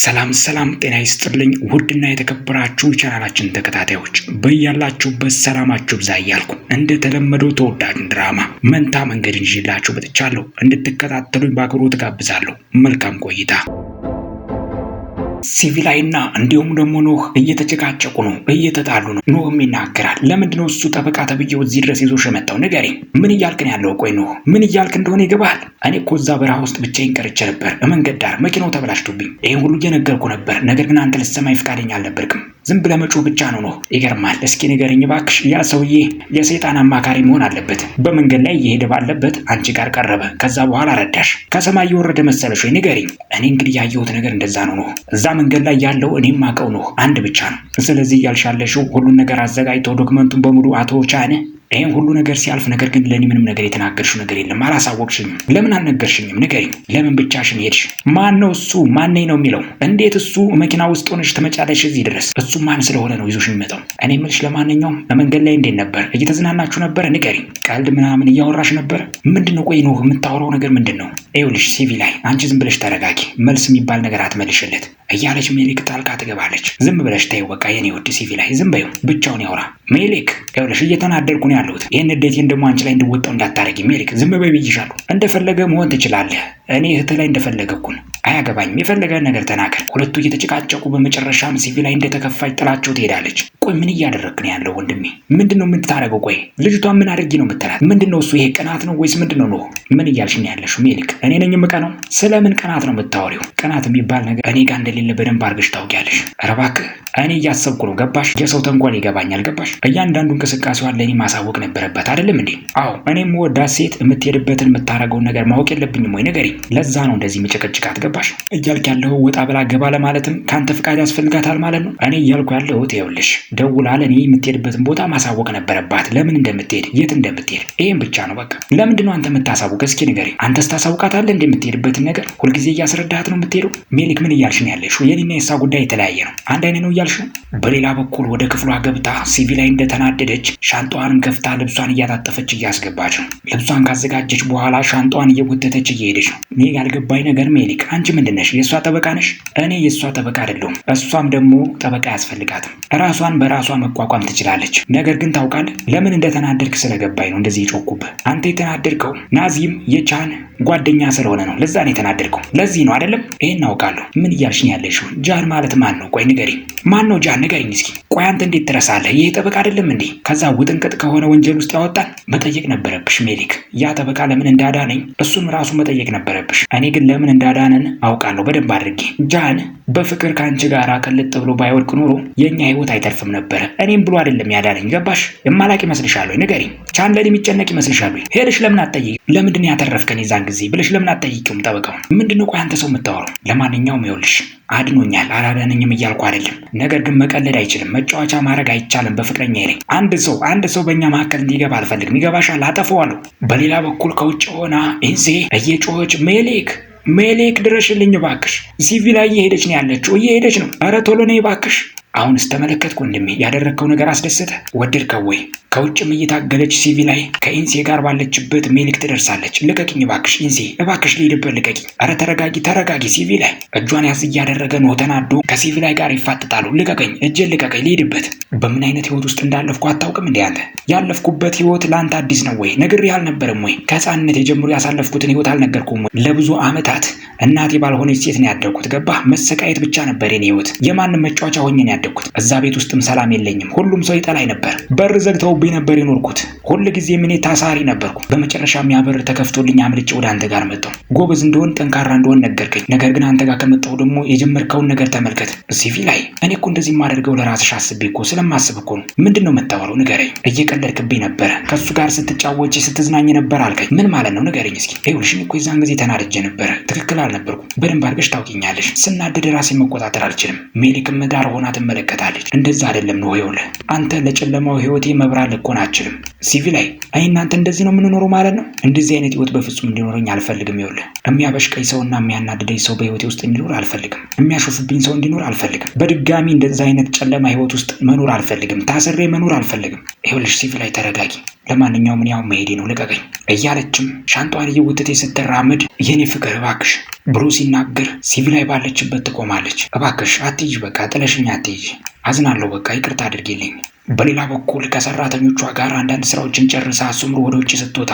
ሰላም ሰላም፣ ጤና ይስጥልኝ ውድና የተከበራችሁ ቻናላችን ተከታታዮች በያላችሁበት ሰላማችሁ ብዛ እያልኩ እንደተለመደው ተወዳጅን ድራማ መንታ መንገድ ይዤላችሁ መጥቻለሁ። እንድትከታተሉኝ በአክብሮት ጋብዛለሁ። መልካም ቆይታ ሲቪላይና እንዲሁም ደግሞ ኖህ እየተጨቃጨቁ ነው፣ እየተጣሉ ነው። ኖህም ይናገራል። ለምንድነው ነው እሱ ጠበቃ ተብዬው እዚህ ድረስ ይዞሽ የመጣው ንገሪኝ። ምን እያልክን ያለው? ቆይ ኖህ ምን እያልክ እንደሆነ ይገባል እኔ እኮ እዛ በረሃ ውስጥ ብቻዬን ቀርቼ ነበር፣ መንገድ ዳር መኪናው ተበላሽቶብኝ። ይህን ሁሉ እየነገርኩ ነበር፣ ነገር ግን አንተ ልትሰማኝ ፈቃደኛ አልነበርክም። ዝም ብለህ መጮህ ብቻ ነው ነው። ይገርማል። እስኪ ንገርኝ እባክሽ፣ ያ ሰውዬ የሰይጣን አማካሪ መሆን አለበት። በመንገድ ላይ እየሄደ ባለበት አንቺ ጋር ቀረበ። ከዛ በኋላ ረዳሽ። ከሰማይ የወረደ መሰለሽ ወይ? ንገረኝ። እኔ እንግዲህ ያየሁት ነገር እንደዛ ነው ነው። እዛ መንገድ ላይ ያለው እኔም ማቀው ነው አንድ ብቻ ነው። ስለዚህ እያልሻለሽው ሁሉን ነገር አዘጋጅተው ዶክመንቱን በሙሉ አቶ ቻነ ይህም ሁሉ ነገር ሲያልፍ ነገር ግን ለእኔ ምንም ነገር የተናገርሽው ነገር የለም፣ አላሳወቅሽኝም። ለምን አልነገርሽኝም? ንገሪኝ። ለምን ብቻሽን ሄድሽ? ማን ነው እሱ? ማነኝ ነው የሚለው? እንዴት እሱ መኪና ውስጥ ሆነሽ ትመጫለሽ እዚህ ድረስ? እሱ ማን ስለሆነ ነው ይዞሽ የሚመጣው? እኔ የምልሽ ለማንኛውም በመንገድ ላይ እንዴት ነበር? እየተዝናናችሁ ነበር? ንገሪኝ። ቀልድ ምናምን እያወራሽ ነበር? ምንድን ነው ቆይ ነው የምታወራው ነገር ምንድን ነው? ይኸውልሽ ሲቪ ላይ አንቺ ዝም ብለሽ ተረጋጊ። መልስ የሚባል ነገር አትመልሽለት እያለች ሜሊክ ጣልቃ ትገባለች። ዝም ብለሽ ተይው በቃ የኔ ውድ ሲቪ ላይ ዝም በይው። ብቻውን ያውራ ሜሊክ። ይኸውልሽ እየተናደድኩ ነው አለሁት። ይህን ንዴቴን ደግሞ አንቺ ላይ እንድወጣው እንዳታረጊ ሜሪክ፣ ዝም በይ ብዬሻለሁ። እንደፈለገ መሆን ትችላለህ። እኔ እህትህ ላይ እንደፈለገኩ ነው፣ አያገባኝም። የፈለገህን ነገር ተናገር። ሁለቱ እየተጨቃጨቁ በመጨረሻም ሲቪ ላይ እንደተከፋች ጥላቸው ትሄዳለች። ቆይ ምን እያደረግክ ያለው ወንድሜ? ምንድን ነው የምታረገው? ቆይ ልጅቷ ምን አድርጊ ነው የምትላት? ምንድን ነው እሱ? ይሄ ቅናት ነው ወይስ ምንድን ነው ምን እያልሽ ነው ያለሽው ሜሪክ? እኔ ነኝ የምቀናው? ስለምን ቅናት ነው የምታወሪው? ቅናት የሚባል ነገር እኔ ጋር እንደሌለ በደንብ አድርገሽ ታውቂያለሽ። እባክህ እኔ እያሰብኩ ነው ገባሽ? የሰው ተንኮል ይገባኛል ገባሽ? እያንዳንዱ እንቅስቃሴዋን ለእኔ ማሳወቅ ነበረበት አይደለም እንዴ? አዎ እኔም ወዳት ሴት የምትሄድበትን የምታደርገውን ነገር ማወቅ የለብኝም ወይ ንገሪኝ። ለዛ ነው እንደዚህ የምጨቀጭቃት ገባሽ? እያልክ ያለው ወጣ ብላ ገባ ለማለትም ከአንተ ፍቃድ ያስፈልጋታል ማለት ነው። እኔ እያልኩ ያለሁት ይኸውልሽ፣ ደውላ ለእኔ የምትሄድበትን ቦታ ማሳወቅ ነበረባት፣ ለምን እንደምትሄድ፣ የት እንደምትሄድ። ይህም ብቻ ነው በቃ። ለምንድን ነው አንተ የምታሳውቅ? እስኪ ንገሪኝ። አንተስ ታሳውቃታለህ እንደምትሄድበትን ነገር? ሁልጊዜ እያስረዳሃት ነው የምትሄደው? ሜሊክ ምን እያልሽ ነው ያለሽው? የኔና የእሷ ጉዳይ የተለያየ ነው። አንድ አይነት ነው እያልሽ ነው? በሌላ በኩል ወደ ክፍሏ ገብታ ሲቪ ላይ እንደተናደደች ሻንጣዋንም ከፍታ ልብሷን እያታጠፈች እያስገባች ነው። ልብሷን ካዘጋጀች በኋላ ሻንጣዋን እየጎተተች እየሄደች ነው። እኔ ያልገባኝ ነገር ሜሊክ፣ አንቺ ምንድነሽ? የእሷ ጠበቃ ነሽ? እኔ የእሷ ጠበቃ አይደለሁም። እሷም ደግሞ ጠበቃ አያስፈልጋትም። ራሷን በራሷ መቋቋም ትችላለች። ነገር ግን ታውቃል፣ ለምን እንደተናደድክ ስለገባኝ ነው እንደዚህ የጮኩብህ። አንተ የተናደድከው ናዚም የቻን ጓደኛ ስለሆነ ነው። ለዛ ነው የተናደድከው። ለዚህ ነው አይደለም? ይህን አውቃለሁ። ምን እያልሽኝ ያለሽው? ጃን ማለት ማን ነው? ቆይ ንገሪኝ። मानो जानने करेंगे इसकी ቆይ አንተ እንዴት ትረሳለህ? ይህ ጠበቃ አይደለም እንዴ? ከዛ ውጥንቅጥ ከሆነ ወንጀል ውስጥ ያወጣን መጠየቅ ነበረብሽ ሜሊክ። ያ ጠበቃ ለምን እንዳዳነኝ እሱን ራሱ መጠየቅ ነበረብሽ። እኔ ግን ለምን እንዳዳነን አውቃለሁ በደንብ አድርጌ። ጃን በፍቅር ከአንቺ ጋር ቅልጥ ብሎ ባይወድቅ ኖሮ የእኛ ህይወት አይተርፍም ነበረ። እኔም ብሎ አይደለም ያዳነኝ። ገባሽ? የማላቅ ይመስልሻል ወይ? ንገሪኝ። ቻን ለኔ የሚጨነቅ ይመስልሻል ወይ? ሄደሽ ለምን አትጠይቂም? ለምንድን ያተረፍከን የዛን ጊዜ ብለሽ ለምን አትጠይቂውም ጠበቃውን? ምንድነው ቆይ አንተ ሰው የምታወራው? ለማንኛውም ይኸውልሽ አድኖኛል አላዳነኝም እያልኩ አይደለም፣ ነገር ግን መቀለድ አይችልም መጫወቻ ማድረግ አይቻልም። በፍቅረኛ ይለኝ አንድ ሰው አንድ ሰው በእኛ መካከል እንዲገባ አልፈልግም። ይገባሻል? አጠፋዋለሁ። በሌላ በኩል ከውጭ ሆና ኢንሴ እየጮኸች ሜሌክ ሜሌክ ድረሽልኝ እባክሽ፣ ሲቪ ላይ እየሄደች ነው ያለችው፣ እየሄደች ነው። ኧረ ቶሎ ነይ እባክሽ አሁን ስተመለከትኩ ወንድሜ ያደረግከው ነገር አስደሰተ ወደድከው ወይ? ከውጭም እየታገለች ሲቪ ላይ ከኢንሴ ጋር ባለችበት ሜሊክ ትደርሳለች። ልቀቂኝ እባክሽ ኢንሴ፣ እባክሽ ልሂድበት፣ ልቀቂኝ። ኧረ ተረጋጊ፣ ተረጋጊ። ሲቪ ላይ እጇን ያዝ እያደረገ ነው። ተናዶ ከሲቪ ላይ ጋር ይፋጥጣሉ። ልቀቀኝ፣ እጄን ልቀቀኝ፣ ልሂድበት። በምን አይነት ህይወት ውስጥ እንዳለፍኩ አታውቅም እንዴ አንተ? ያለፍኩበት ህይወት ለአንተ አዲስ ነው ወይ? ነግሬህ አልነበረም ወይ? ከህፃንነት የጀምሮ ያሳለፍኩትን ህይወት አልነገርኩም ወይ? ለብዙ ዓመታት እናቴ ባልሆነች ሴት ነው ያደርኩት። ገባህ? መሰቃየት ብቻ ነበር የኔ ህይወት። የማንም መጫወቻ ሆኜ ነው ያደግኩት። እዛ ቤት ውስጥም ሰላም የለኝም። ሁሉም ሰው ይጠላኝ ነበር። በር ዘግተውብኝ ነበር የኖርኩት። ጊዜ እኔ ታሳሪ ነበርኩ። በመጨረሻ የሚያበር ተከፍቶልኝ አምልጬ ወደ አንተ ጋር መጣሁ። ጎበዝ እንደሆን ጠንካራ እንደሆን ነገርከኝ። ነገር ግን አንተ ጋር ከመጣሁ ደግሞ የጀመርከውን ነገር ተመልከት። ሲቪ ላይ እኔ እኮ እንደዚህ የማደርገው ለራስሽ አስቤ እኮ ስለማስብ እኮ ነው። ምንድን ነው የምታወራው? ንገረኝ። እየቀለድክብኝ ነበረ። ከእሱ ጋር ስትጫወች ስትዝናኝ ነበር አልከኝ። ምን ማለት ነው? ንገረኝ እስኪ። ይኸውልሽ እኮ የዛን ጊዜ ተናድጄ ነበረ። ትክክል አልነበርኩም። በደንብ አድርገሽ ታውቂኛለሽ። ስናደድ ራሴ መቆጣጠር አልችልም። ሜሊክም ጋር ሆና ትመለከታለች። እንደዛ አይደለም ነው ይውል አንተ ለጨለማው ህይወቴ መብራት ልኮን አችልም ሲቪላይ ላይ አይ እናንተ እንደዚህ ነው የምንኖረው ማለት ነው። እንደዚህ አይነት ህይወት በፍጹም እንዲኖረኝ አልፈልግም። ይውል የሚያበሽቀኝ ሰውና የሚያናድደኝ ሰው በህይወቴ ውስጥ እንዲኖር አልፈልግም። የሚያሾፍብኝ ሰው እንዲኖር አልፈልግም። በድጋሚ እንደዛ አይነት ጨለማ ህይወት ውስጥ መኖር አልፈልግም። ታስሬ መኖር አልፈልግም። ይኸውልሽ ሲቪል ላይ ተረጋጊ። ለማንኛውም ያው መሄዴ ነው ልቀቀኝ እያለችም ሻንጧን እየወተቴ ስትራመድ የኔ ፍቅር እባክሽ ብሎ ሲናገር ሲቪላይ ባለችበት ትቆማለች። እባክሽ አትይጅ በቃ ጥለሽኝ አትሂጂ አዝናለሁ። በቃ ይቅርታ አድርጌልኝ። በሌላ በኩል ከሰራተኞቿ ጋር አንዳንድ ስራዎችን ጨርሳ ሱምሩ ወደ ውጭ ስትወጣ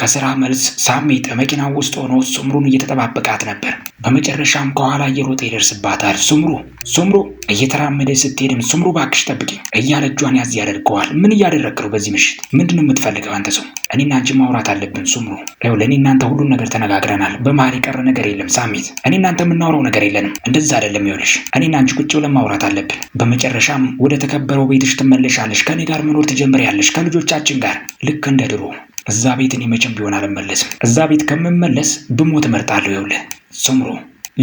ከስራ መልስ ሳሚት መኪና ውስጥ ሆኖ ሱምሩን እየተጠባበቃት ነበር። በመጨረሻም ከኋላ እየሮጠ ይደርስባታል። ሱምሩ ሱምሩ እየተራመደ ስትሄድም ሱምሩ ባክሽ ጠብቂ እያለ እጇን ያዝ ያደርገዋል። ምን እያደረግክ ነው? በዚህ ምሽት ምንድን ነው የምትፈልገው አንተ ሰው? እኔና አንቺ ማውራት አለብን ሱምሩ። ው እኔ እናንተ ሁሉን ነገር ተነጋግረናል። በመሀል የቀረ ነገር የለም ሳሚት፣ እኔ እናንተ የምናወራው ነገር የለንም። እንደዛ አይደለም። ይኸውልሽ እኔና አንቺ ቁጭ ብለን ማውራት አለብን። በመጨረሻም ወደ ተከበረው ቤትሽ ትመለሻለሽ። ከእኔ ጋር መኖር ትጀምሪያለሽ፣ ከልጆቻችን ጋር ልክ እንደ ድሮ። እዛ ቤት እኔ መቼም ቢሆን አልመለስም። እዛ ቤት ከምመለስ ብሞት እመርጣለሁ። ይኸውልህ ሱምሩ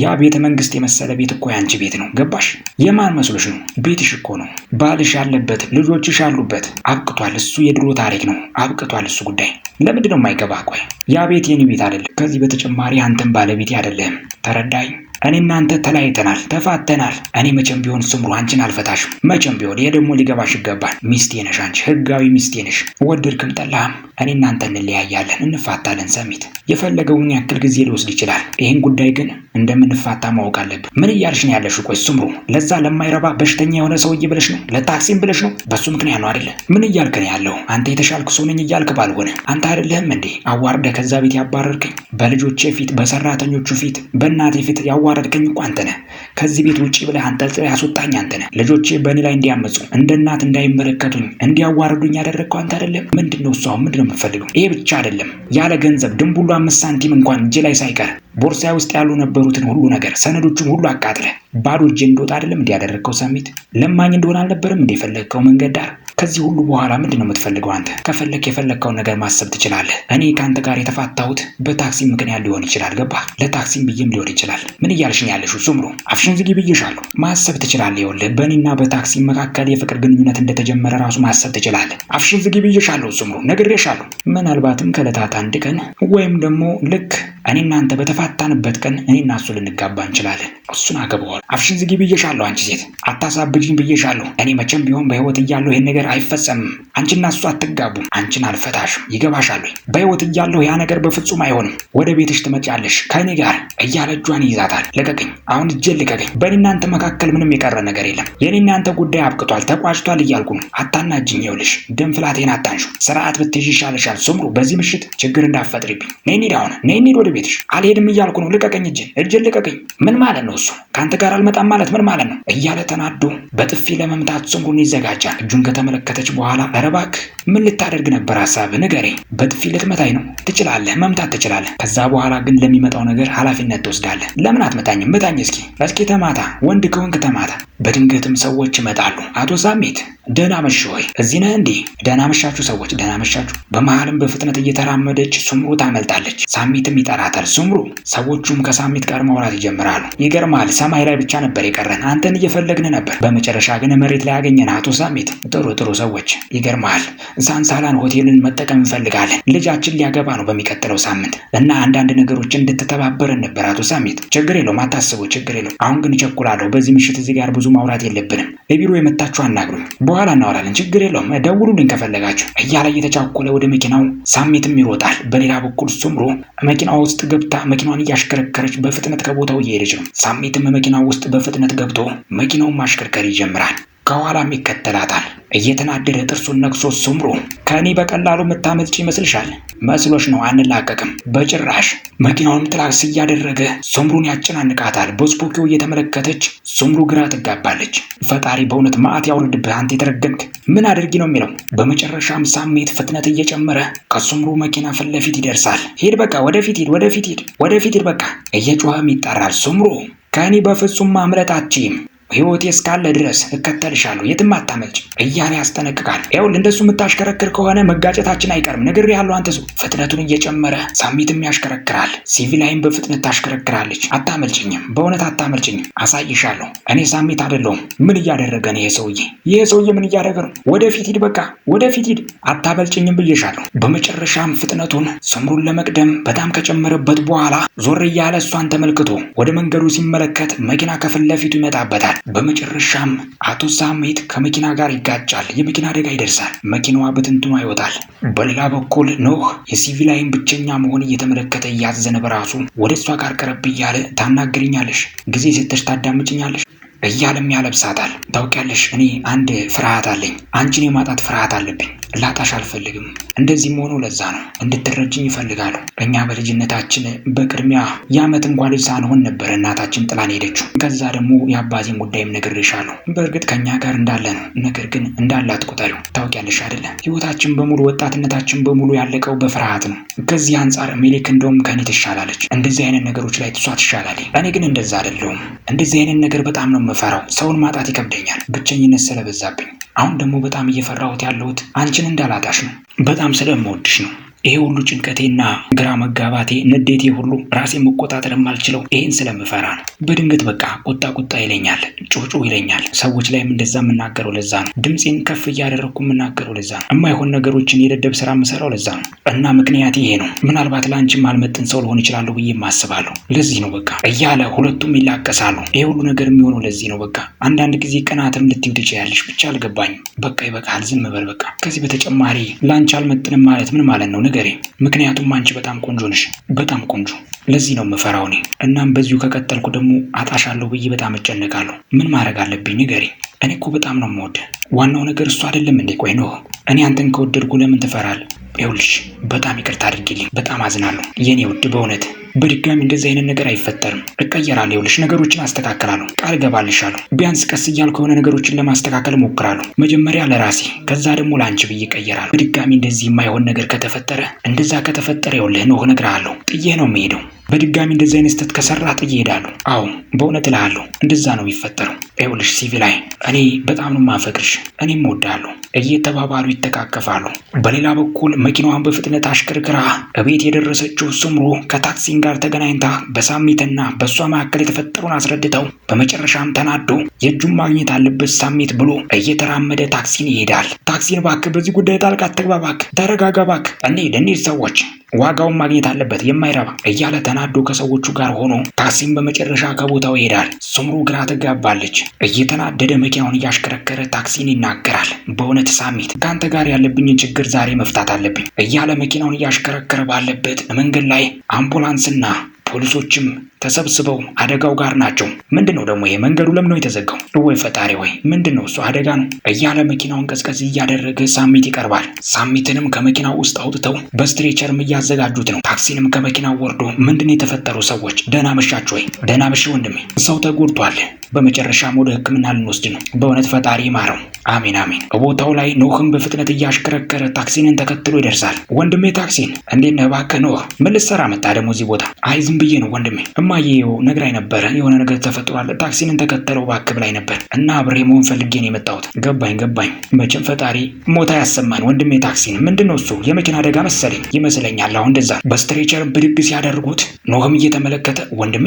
ያ ቤተ መንግስት የመሰለ ቤት እኮ ያንቺ ቤት ነው። ገባሽ? የማን መስሎሽ ነው? ቤትሽ እኮ ነው። ባልሽ ያለበት፣ ልጆችሽ ያሉበት። አብቅቷል። እሱ የድሮ ታሪክ ነው። አብቅቷል እሱ ጉዳይ። ለምንድን ነው የማይገባ? ቆይ ያ ቤት የኔ ቤት አይደለም። ከዚህ በተጨማሪ አንተን ባለቤት አይደለህም። ተረዳኝ? እኔ እናንተ ተለያይተናል፣ ተፋተናል። እኔ መቼም ቢሆን ስምሩ አንቺን አልፈታሽም። መቼም ቢሆን ይሄ ደግሞ ሊገባሽ ይገባል። ሚስቴ ነሽ አንቺ፣ ህጋዊ ሚስቴ ነሽ። ወደድክም ጠላህም እኔ እናንተ እንለያያለን፣ እንፋታለን። ሰሚት የፈለገውን ያክል ጊዜ ሊወስድ ይችላል። ይህን ጉዳይ ግን እንደምንፋታ ማወቅ አለብን። ምን እያልሽ ነው ያለሽ? ቆይ ስምሩ፣ ለዛ ለማይረባ በሽተኛ የሆነ ሰውዬ ብለሽ ነው? ለታክሲም ብለሽ ነው? በሱ ምክንያት ነው አይደለ? ምን እያልክ ነው ያለው? አንተ የተሻልክ ሰው ነኝ እያልክ ባልሆነ፣ አንተ አይደለህም እንዴ አዋርደ ከዛ ቤት ያባረርከኝ? በልጆቼ ፊት፣ በሰራተኞቹ ፊት፣ በእናቴ ፊት ያዋ ያዋረድከኝ እኮ አንተ ነህ። ከዚህ ቤት ውጭ ብለህ አንጠልጥለህ ያስወጣኝ አንተ ነህ። ልጆቼ በእኔ ላይ እንዲያመፁ፣ እንደ እናት እንዳይመለከቱኝ፣ እንዲያዋረዱኝ ያደረግከው አንተ አይደለም? ምንድን ነው እሱ አሁን ምንድን ነው የምትፈልገው? ይሄ ብቻ አይደለም፣ ያለ ገንዘብ ድንቡሉ አምስት ሳንቲም እንኳን እጄ ላይ ሳይቀር ቦርሳ ውስጥ ያሉ ነበሩትን ሁሉ ነገር ሰነዶቹን ሁሉ አቃጥለ ባዶ እጄ እንደወጣ አይደለም እንዲያደረግከው ሰሚት ለማኝ እንደሆነ አልነበረም እንደፈለግከው መንገድ ዳር? ከዚህ ሁሉ በኋላ ምንድን ነው የምትፈልገው አንተ? ከፈለክ የፈለግከውን ነገር ማሰብ ትችላለህ። እኔ ከአንተ ጋር የተፋታሁት በታክሲ ምክንያት ሊሆን ይችላል፣ ገባ ለታክሲም ብዬም ሊሆን ይችላል። ምን እያልሽኝ ያለሽ ሱምሩ? አፍሽን ዝጊ ብዬሻለሁ። ማሰብ ትችላለህ። ይኸውልህ በእኔና በታክሲ መካከል የፍቅር ግንኙነት እንደተጀመረ ራሱ ማሰብ ትችላለህ። አፍሽን ዝጊ ብዬሻለሁ ሱምሩ፣ ነግሬሻለሁ። ምናልባትም ከዕለታት አንድ ቀን ወይም ደግሞ ልክ እኔና አንተ በተፋታንበት ቀን እኔና እሱ ልንጋባ እንችላለን። እሱን አገባዋል። አፍሽን ዝጊ ብዬሻለሁ። አንቺ ሴት አታሳብጅኝ ብዬሻለሁ። እኔ መቼም ቢሆን በህይወት እያለሁ ይህን ነገር አይፈጸምም። አንቺና እሱ አትጋቡም። አንቺን አልፈታሽም። ይገባሻል በህይወት እያለሁ ያ ነገር በፍጹም አይሆንም። ወደ ቤትሽ ትመጪያለሽ ከኔ ጋር እያለ እጇን ይይዛታል። ልቀቅኝ! አሁን እጄን ልቀቅኝ! በእኔና መካከል ምንም የቀረ ነገር የለም። የኔና ጉዳይ አብቅቷል፣ ተቋጭቷል እያልኩ ነው። አታናጅኝ። ይኸውልሽ ደም ፍላቴን አታንሹ። ስርዓት ብትይዥ ይሻለሻል። ስምሩ፣ በዚህ ምሽት ችግር እንዳትፈጥሪብኝ። ነይ እንሂድ፣ አሁን ነይ እንሂድ ወደ ቤትሽ። አልሄድም እያልኩ ነው። ልቀቅኝ! እጄን እጄን ልቀቅኝ! ምን ማለት ነው እሱ? ከአንተ ጋር አልመጣም ማለት ምን ማለት ነው? እያለ ተናዶ በጥፊ ለመምታት ስምሩን ይዘጋጃል። እጁን ከተመለከተች በኋላ እባክህ ምን ልታደርግ ነበር ሀሳብህ ንገሬ። በጥፊ ልትመታኝ ነው? ትችላለህ፣ መምታት ትችላለህ። ከዛ በኋላ ግን ለሚመጣው ነገር ኃላፊነት ትወስዳለህ። ለምን አትመታኝም? ምታኝ እስኪ፣ እስኪ ተማታ፣ ወንድ ከሆንክ ተማታ። በድንገትም ሰዎች ይመጣሉ። አቶ ሳሜት ደህና መሽ ሆይ እዚህ ነህ እንዴ? ደህና መሻችሁ ሰዎች፣ ደህና መሻችሁ። በመሀልም በፍጥነት እየተራመደች ሱምሩ ታመልጣለች። ሳሚትም ይጠራታል። ሱምሩ ሰዎቹም ከሳሚት ጋር ማውራት ይጀምራሉ። ይገርማል፣ ሰማይ ላይ ብቻ ነበር የቀረን፣ አንተን እየፈለግን ነበር። በመጨረሻ ግን መሬት ላይ ያገኘን አቶ ሳሚት። ጥሩ ጥሩ ሰዎች፣ ይገርማል። ሳንሳላን ሆቴልን መጠቀም እንፈልጋለን። ልጃችን ሊያገባ ነው በሚቀጥለው ሳምንት እና አንዳንድ ነገሮች እንድትተባበረን ነበር አቶ ሳሚት። ችግር የለውም፣ አታስቡ፣ ችግር የለውም። አሁን ግን እቸኩላለሁ። በዚህ ምሽት እዚህ ጋር ብዙ ማውራት የለብንም። በቢሮ የመጣችሁ አናግሩኝ፣ በኋላ እናወራለን፣ ችግር የለውም ደውሉልኝ ከፈለጋችሁ እያለ እየተቻኮለ ወደ መኪናው ሳሜትም ይሮጣል። በሌላ በኩል ሱምሮ መኪና ውስጥ ገብታ መኪናዋን እያሽከረከረች በፍጥነት ከቦታው እየሄደች ነው። ሳሜትም መኪናው ውስጥ በፍጥነት ገብቶ መኪናውን ማሽከርከር ይጀምራል። ከኋላም ይከተላታል። እየተናደደ ጥርሱን ነክሶ ስምሩ ከእኔ በቀላሉ የምታመልጭ ይመስልሻል? መስሎሽ ነው? አንላቀቅም በጭራሽ። መኪናውን ትራስ እያደረገ ሱምሩን ያጨናንቃታል። በስፖኪዮ እየተመለከተች ሱምሩ ግራ ትጋባለች። ፈጣሪ በእውነት መዓት ያውርድብህ አንተ የተረገምክ ምን አድርጊ ነው የሚለው። በመጨረሻም ሳሜት ፍጥነት እየጨመረ ከሱምሩ መኪና ፊት ለፊት ይደርሳል። ሂድ በቃ ወደፊት ሂድ፣ ወደፊት ሂድ፣ ወደፊት ሂድ በቃ እየጮኸም ይጠራል። ሱምሩ ከእኔ በፍጹም ማምለጥ አትችይም ህይወቴ እስካለ ድረስ እከተልሻለሁ፣ የትም አታመልጭ እያለ ያስጠነቅቃል። ይኸውልህ እንደሱ የምታሽከረክር ከሆነ መጋጨታችን አይቀርም ያለው አንተ ሰው ፍጥነቱን እየጨመረ ሳሚትም ያሽከረክራል። ሲቪላይም በፍጥነት ታሽከረክራለች። አታመልጭኝም፣ በእውነት አታመልጭኝም፣ አሳይሻለሁ። እኔ ሳሚት አይደለሁም። ምን እያደረገ ነው ይሄ ሰውዬ? ይሄ ሰውዬ ምን እያደረገ ነው? ወደፊት ሂድ፣ በቃ ወደፊት ሂድ፣ አታመልጭኝም ብዬሻለሁ። በመጨረሻም ፍጥነቱን ሰምሩን ለመቅደም በጣም ከጨመረበት በኋላ ዞር እያለ እሷን ተመልክቶ ወደ መንገዱ ሲመለከት መኪና ከፊት ለፊቱ ይመጣበታል። በመጨረሻም አቶ ሳሜት ከመኪና ጋር ይጋጫል። የመኪና አደጋ ይደርሳል። መኪናዋ በትንትኗ ይወጣል። በሌላ በኩል ኖህ የሲቪላይን ብቸኛ መሆን እየተመለከተ እያዘነ በራሱ ወደ እሷ ጋር ቀረብ እያለ ታናግርኛለሽ ጊዜ ስተሽ ታዳምጭኛለሽ እያለም ያለብሳታል። ታውቂያለሽ፣ እኔ አንድ ፍርሃት አለኝ። አንቺን የማጣት ፍርሃት አለብኝ። ላጣሽ አልፈልግም። እንደዚህ መሆኑ ለዛ ነው። እንድትረጅኝ ይፈልጋለሁ። እኛ በልጅነታችን በቅድሚያ የዓመት እንኳ ልጅ ሳንሆን ነበር እናታችን ጥላን ሄደችው። ከዛ ደግሞ የአባዜን ጉዳይም ነግሬሻለሁ። በእርግጥ ከእኛ ጋር እንዳለ ነው፣ ነገር ግን እንዳላት ቁጠሪው። ታውቂያለሽ አይደለ? ህይወታችን በሙሉ ወጣትነታችን በሙሉ ያለቀው በፍርሃት ነው። ከዚህ አንጻር ሜሊክ እንደውም ከእኔ ትሻላለች። እንደዚህ አይነት ነገሮች ላይ ትሷ ትሻላለች። እኔ ግን እንደዛ አይደለሁም። እንደዚህ አይነት ነገር በጣም ነው የምፈራው። ሰውን ማጣት ይከብደኛል፣ ብቸኝነት ስለበዛብኝ። አሁን ደግሞ በጣም እየፈራሁት ያለሁት አንቺን እንዳላጣሽ ነው። በጣም ስለምወድሽ ነው። ይሄ ሁሉ ጭንቀቴና ግራ መጋባቴ፣ ንዴቴ ሁሉ ራሴ መቆጣጠር የማልችለው ይህን ስለምፈራ ነው። በድንገት በቃ ቁጣ ቁጣ ይለኛል፣ ጩጩ ይለኛል። ሰዎች ላይም እንደዛ የምናገረው ለዛ ነው። ድምፄን ከፍ እያደረግኩ የምናገረው ለዛ ነው። የማይሆን ነገሮችን የደደብ ስራ የምሰራው ለዛ ነው። እና ምክንያት ይሄ ነው። ምናልባት ለአንቺም አልመጥን ሰው ልሆን ይችላሉ ብዬ ማስባለሁ። ለዚህ ነው በቃ እያለ ሁለቱም ይላቀሳሉ። ይሄ ሁሉ ነገር የሚሆነው ለዚህ ነው በቃ። አንዳንድ ጊዜ ቅናትም ልትይው ትችያለሽ። ብቻ አልገባኝም። በቃ ይበቃል፣ ዝም በል በቃ። ከዚህ በተጨማሪ ለአንቺ አልመጥንም ማለት ምን ማለት ነው? ንገሪ። ምክንያቱም አንቺ በጣም ቆንጆ ነሽ፣ በጣም ቆንጆ። ለዚህ ነው የምፈራው እኔ። እናም በዚሁ ከቀጠልኩ ደግሞ አጣሻለሁ ብዬ በጣም እጨነቃለሁ። ምን ማድረግ አለብኝ ንገሪ። እኔ እኮ በጣም ነው የምወደ። ዋናው ነገር እሱ አይደለም እንዴ? ቆይ ነው እኔ አንተን ከወደድኩ ለምን ትፈራል? ይኸውልሽ በጣም ይቅርታ አድርጊልኝ። በጣም አዝናለሁ የኔ ውድ በእውነት በድጋሚ እንደዚህ አይነት ነገር አይፈጠርም። እቀየራለሁ። ይኸውልሽ ነገሮችን አስተካክላለሁ፣ ቃል እገባልሻለሁ። ቢያንስ ቀስ እያልኩ ከሆነ ነገሮችን ለማስተካከል እሞክራለሁ። መጀመሪያ ለራሴ ከዛ ደግሞ ለአንቺ ብዬ እቀየራለሁ። በድጋሚ እንደዚህ የማይሆን ነገር ከተፈጠረ እንደዛ ከተፈጠረ ይኸውልህ ነው እነግርሃለሁ። ጥዬ ነው የምሄደው። በድጋሚ እንደዚህ አይነት ስህተት ከሰራ ጥዬ እሄዳለሁ። አዎ በእውነት እልሃለሁ። እንደዛ ነው የሚፈጠረው። ይኸውልሽ ሲቪላይ እኔ በጣም ነው ማፈቅርሽ፣ እኔም እወዳለሁ እየተባባሉ ይተቃቀፋሉ። በሌላ በኩል መኪናዋን በፍጥነት አሽከርክራ እቤት የደረሰችው ስምሮ ከታክሲን ጋር ተገናኝታ በሳሚትና በእሷ መካከል የተፈጠሩን አስረድተው በመጨረሻም ተናዶ የእጁን ማግኘት አለበት ሳሚት ብሎ እየተራመደ ታክሲን ይሄዳል። ታክሲን እባክህ በዚህ ጉዳይ ጣልቃ አትግባ፣ እባክህ ተረጋጋ፣ እባክህ እኔ እንሂድ፣ ሰዎች ዋጋውን ማግኘት አለበት የማይረባ እያለ ተናዶ ከሰዎቹ ጋር ሆኖ ታክሲን በመጨረሻ ከቦታው ይሄዳል። ስምሮ ግራ ትጋባለች። እየተናደደ መኪናውን እያሽከረከረ ታክሲን ይናገራል። በእውነት ሳሚት ከአንተ ጋር ያለብኝን ችግር ዛሬ መፍታት አለብኝ እያለ መኪናውን እያሽከረከረ ባለበት መንገድ ላይ አምቡላንስና ፖሊሶችም ተሰብስበው አደጋው ጋር ናቸው። ምንድን ነው ደግሞ ይሄ መንገዱ ለምን ነው የተዘጋው? ወይ ፈጣሪ ወይ ምንድን ነው እሱ አደጋ ነው እያለ መኪናውን ቀዝቀዝ እያደረገ ሳሚት ይቀርባል። ሳሚትንም ከመኪናው ውስጥ አውጥተው በስትሬቸርም እያዘጋጁት ነው። ታክሲንም ከመኪናው ወርዶ ምንድን የተፈጠሩ ሰዎች ደህና መሻች ወይ? ደህና መሽ ወንድሜ፣ ሰው ተጎድቷል። በመጨረሻም ወደ ሕክምና ልንወስድ ነው። በእውነት ፈጣሪ ይማረው። አሜን አሜን። ቦታው ላይ ኖህም በፍጥነት እያሽከረከረ ታክሲንን ተከትሎ ይደርሳል። ወንድሜ ታክሲን፣ እንዴት ነህ? እባክህ ኖህ፣ ምን ልትሰራ መጣ ደግሞ እዚህ ቦታ? አይ ዝም ብዬ ነው ወንድሜ እማዬው ነግራኝ ነበረ። የሆነ ነገር ተፈጥሯል። ታክሲንን ተከተለው እባክህ ብላኝ ነበር እና አብሬ መሆን ፈልጌ ነው የመጣሁት። ገባኝ ገባኝ። መቼም ፈጣሪ ሞታ ያሰማን ወንድሜ። ታክሲን ምንድን ነው እሱ? የመኪና አደጋ መሰለኝ ይመስለኛል። አሁን እንደዛ በስትሬቸር ብድግ ሲያደርጉት ኖህም እየተመለከተ ወንድሜ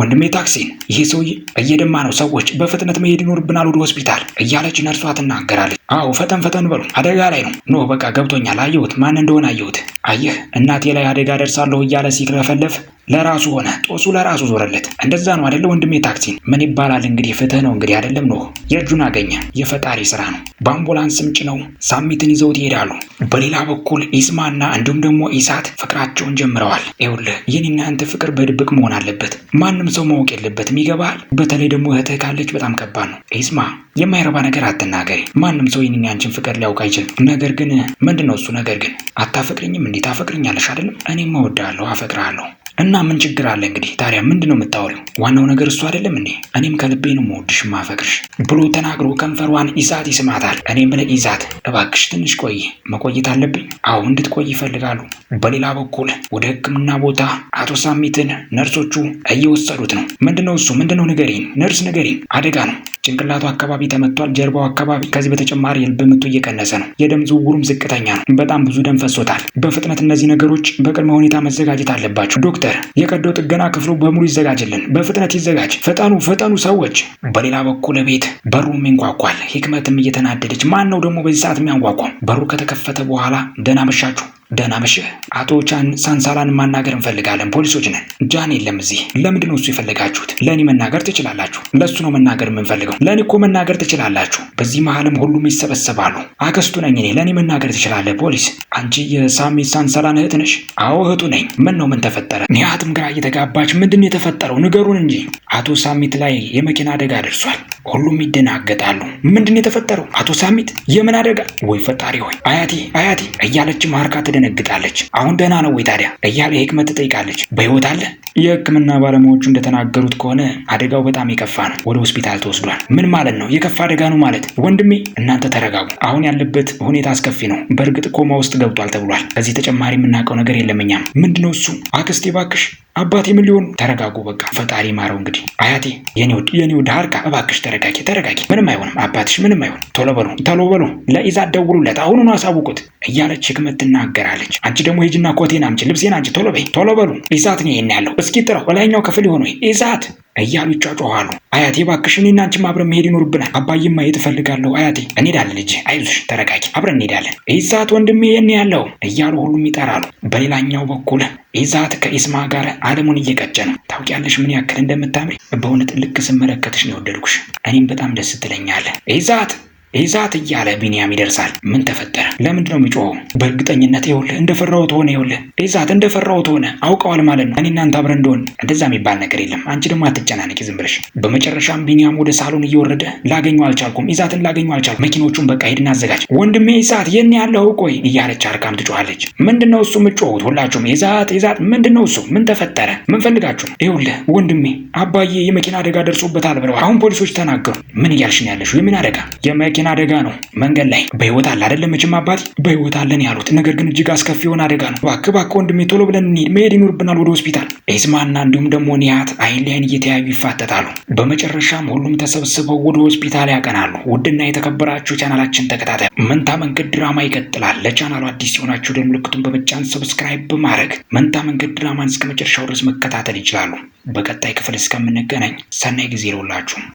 ወንድሜ ታክሲን፣ ይህ ሰውዬ እየደማ ነው። ሰዎች በፍጥነት መሄድ ይኖርብናል ወደ ሆስፒታል እያለች ነርሷ ትናገራለች። አዎ ፈጠን ፈጠን በሉ፣ አደጋ ላይ ነው። ኖ በቃ ገብቶኛል፣ አየሁት፣ ማን እንደሆነ አየሁት። አየህ እናቴ ላይ አደጋ ደርሳለሁ እያለ ሲክለፈለፍ ለራሱ ሆነ፣ ጦሱ ለራሱ ዞረለት። እንደዛ ነው አደለ ወንድሜ? ታክሲን ምን ይባላል እንግዲህ፣ ፍትህ ነው እንግዲህ አደለም? ኖ የእጁን አገኘ። የፈጣሪ ስራ ነው። በአምቡላንስም ጭነው ሳሚትን ይዘውት ይሄዳሉ። በሌላ በኩል ኢስማና እንዲሁም ደግሞ ኢሳት ፍቅራቸውን ጀምረዋል። ይኸውልህ ይህን እናንተ ፍቅር በድብቅ መሆን አለበት፣ ማንም ሰው ማወቅ የለበትም። ይገባል? በተለይ ደግሞ እህትህ ካለች በጣም ከባድ ነው። ኢስማ የማይረባ ነገር አትናገሪ፣ ማንም ሰው ወይንም ያንቺን ፍቅር ሊያውቅ አይችልም። ነገር ግን ምንድን ነው እሱ ነገር ግን አታፈቅርኝም እንዴት ታፈቅርኛለሽ አይደለም? እኔም እወድሃለሁ፣ አፈቅርሃለሁ እና ምን ችግር አለ እንግዲህ ታዲያ ምንድን ነው የምታወሪው? ዋናው ነገር እሱ አይደለም እንዴ? እኔም ከልቤ ነው የምወድሽ ማፈቅርሽ ብሎ ተናግሮ ከንፈሯን ይዛት ይስማታል። እኔም ምን ይዛት እባክሽ ትንሽ ቆይ መቆየት አለብኝ። አሁ እንድትቆይ ይፈልጋሉ። በሌላ በኩል ወደ ህክምና ቦታ አቶ ሳሚትን ነርሶቹ እየወሰዱት ነው። ምንድነው እሱ ምንድነው? ንገሪኝ ነርስ ንገሪኝ። አደጋ ነው። ጭንቅላቱ አካባቢ ተመቷል፣ ጀርባው አካባቢ። ከዚህ በተጨማሪ የልብ ምቱ እየቀነሰ ነው፣ የደም ዝውውሩም ዝቅተኛ ነው። በጣም ብዙ ደም ፈሶታል። በፍጥነት እነዚህ ነገሮች በቅድመ ሁኔታ መዘጋጀት አለባቸው ዶክተር ዶክተር የቀዶ ጥገና ክፍሉ በሙሉ ይዘጋጅልን። በፍጥነት ይዘጋጅ። ፈጠኑ ፈጠኑ ሰዎች። በሌላ በኩል ቤት በሩም ይንኳኳል። ህክመትም እየተናደደች ማን ነው ደግሞ በዚህ ሰዓት የሚያንኳኳ? በሩ ከተከፈተ በኋላ ደህና መሻችሁ ደህና መሸህ። አቶ ቻን ሳንሳላን ማናገር እንፈልጋለን፣ ፖሊሶች ነን። ጃን የለም እዚህ። ለምንድን ነው እሱ የፈለጋችሁት? ለእኔ መናገር ትችላላችሁ። ለእሱ ነው መናገር የምንፈልገው። ለእኔ እኮ መናገር ትችላላችሁ። በዚህ መሀልም ሁሉም ይሰበሰባሉ። አክስቱ ነኝ እኔ። ለእኔ መናገር ትችላለህ ፖሊስ። አንቺ የሳሚ ሳንሳላን እህት ነሽ? አዎ እህቱ ነኝ። ምን ነው ምን ተፈጠረ? ኒሀትም ግራ እየተጋባች ምንድን የተፈጠረው? ንገሩን እንጂ። አቶ ሳሚት ላይ የመኪና አደጋ ደርሷል። ሁሉም ይደናገጣሉ። ምንድን የተፈጠረው? አቶ ሳሚት የምን አደጋ? ወይ ፈጣሪ ሆይ! አያቴ አያቴ እያለች ማርካ ትደ ትደነግጣለች። አሁን ደህና ነው ወይ ታዲያ እያለ የህክመት ትጠይቃለች። በህይወት አለ? የህክምና ባለሙያዎቹ እንደተናገሩት ከሆነ አደጋው በጣም የከፋ ነው። ወደ ሆስፒታል ተወስዷል። ምን ማለት ነው? የከፋ አደጋ ነው ማለት። ወንድሜ እናንተ ተረጋጉ። አሁን ያለበት ሁኔታ አስከፊ ነው። በእርግጥ ኮማ ውስጥ ገብቷል ተብሏል። ከዚህ ተጨማሪ የምናውቀው ነገር የለም። እኛም ምንድነው እሱ? አክስቴ እባክሽ አባቴ ምን ሊሆን ተረጋጉ፣ በቃ ፈጣሪ ማረው። እንግዲህ አያቴ፣ የኔ ውድ የኔ ውድ ሀርካ፣ እባክሽ ተረጋጊ፣ ተረጋጊ። ምንም አይሆንም አባትሽ፣ ምንም አይሆንም። ቶሎ በሉ፣ ቶሎ በሉ፣ ለኢዛት ደውሉለት፣ አሁኑኑ አሳውቁት እያለች ህክመት ትናገራለች። አንቺ ደግሞ ሂጂና ኮቴን አምጪ፣ ልብሴን አንቺ፣ ቶሎ በይ፣ ቶሎ በሉ። ኢዛት ነው ይሄን ያለው። እስኪ ጥራው፣ በላይኛው ክፍል ይሆን ወይ? ኢዛት እያሉ ይጫጫዋሉ። አያቴ እባክሽ እኔና አንቺም አብረን መሄድ ይኖርብናል። አባዬም ማየት እፈልጋለሁ። አያቴ እንሄዳለን። ልጅ አይዞሽ፣ ተረጋጊ፣ አብረን እንሄዳለን። ሰዓት ወንድሜ የኔ ያለው እያሉ ሁሉም ይጠራሉ። በሌላኛው በኩል ኢሳት ከኢስማ ጋር አለሙን እየቀጨ ነው። ታውቂያለሽ ምን ያክል እንደምታምሪ። በእውነት ልክ ስመለከትሽ ነው የወደድኩሽ። እኔም በጣም ደስ ትለኛለ ኢሳት ይዛት እያለ ቢንያም ይደርሳል። ምን ተፈጠረ? ለምንድን ነው የሚጮኸው? በእርግጠኝነት ይኸውልህ፣ እንደፈራሁት ሆነ። ይኸውልህ ይዛት እንደፈራሁት ሆነ። አውቀዋል ማለት ነው እኔ እናንተ አብረን እንደሆን። እንደዛ የሚባል ነገር የለም። አንቺ ደግሞ አትጨናነቂ ዝም ብለሽ። በመጨረሻም ቢንያም ወደ ሳሎን እየወረደ ላገኘው አልቻልኩም፣ ይዛትን ላገኘው አልቻልኩም። መኪኖቹን በቃ ሂድና አዘጋጅ። ወንድሜ ይዛት የኔ ያለው ቆይ እያለች አርካም ትጮኻለች። ምንድን ነው እሱ የምትጮሁት ሁላችሁም? ይዛት ይዛት፣ ምንድን ነው እሱ? ምን ተፈጠረ? ምን ፈልጋችሁ? ይኸውልህ ወንድሜ አባዬ የመኪና አደጋ ደርሶበታል ብለዋል። አሁን ፖሊሶች ተናገሩ። ምን እያልሽ ነው ያለሽው? የምን አደጋ የመኪና የመኪና አደጋ ነው መንገድ ላይ በህይወት አለ አይደለም መቼም አባቴ በህይወት አለን ያሉት ነገር ግን እጅግ አስከፊ የሆነ አደጋ ነው እባክህ እባክህ ወንድሜ ቶሎ ብለን እንሂድ መሄድ ይኖርብናል ወደ ሆስፒታል ኤዝማና እንዲሁም ደግሞ ኒያት አይን ላይን እየተያዩ ይፋተታሉ። በመጨረሻም ሁሉም ተሰብስበው ወደ ሆስፒታል ያቀናሉ ውድና የተከበራችሁ ቻናላችን ተከታታይ መንታ መንገድ ድራማ ይቀጥላል ለቻናሉ አዲስ ሲሆናችሁ ደወል ምልክቱን በመጫን ሰብስክራይብ በማድረግ መንታ መንገድ ድራማን እስከ መጨረሻው ድረስ መከታተል ይችላሉ በቀጣይ ክፍል እስከምንገናኝ ሰናይ ጊዜ ለውላችሁ።